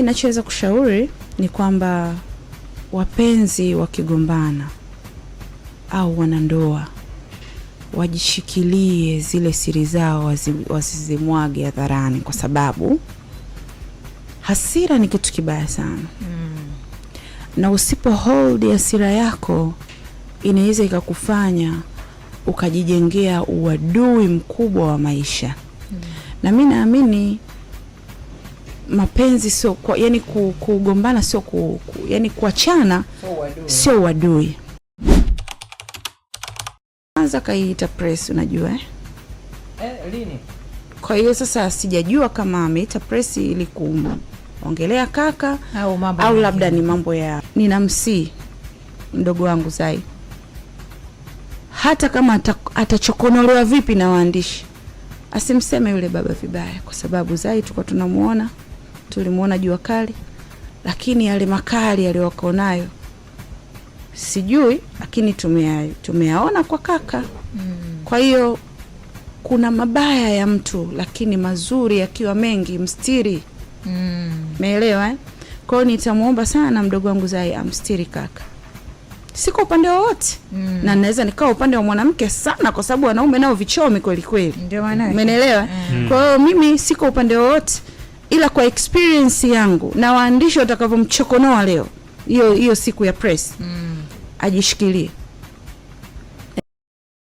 Ninachoweza kushauri ni kwamba wapenzi wakigombana au wanandoa wajishikilie zile siri zao, wasizimwage hadharani, kwa sababu hasira ni kitu kibaya sana mm. Na usipo hold hasira yako inaweza ikakufanya ukajijengea uadui mkubwa wa maisha mm. Na mi naamini mapenzi sio kwa, yani kugombana sio ku, ku, yani kuachana sio uadui. Kwanza kaiita press, unajua eh? Eh, lini? Kwa hiyo sasa sijajua kama ameita press ili kuongelea kaka au, au labda ni mambo ya ninamsii mdogo wangu Zai, hata kama atachokonolewa vipi na waandishi asimseme yule baba vibaya, kwa sababu Zai tuko tunamuona tulimuona jua kali, lakini yale makali yaliyokuwa nayo sijui, lakini tumea, tumeaona kwa kaka. Hmm. Kwa hiyo kuna mabaya ya mtu, lakini mazuri yakiwa mengi mstiri. mm. Meelewa eh? Kwa hiyo nitamuomba sana mdogo wangu Zai amstiri kaka, siko upande wowote mm. na naweza nikawa upande wa mwanamke sana, kwa sababu wanaume nao vichomi kweli kweli, umenielewa? Eh? mm. kwa hiyo mimi siko upande wowote ila kwa experience yangu na waandishi watakavyomchokonoa leo hiyo hiyo siku ya press mm. ajishikilie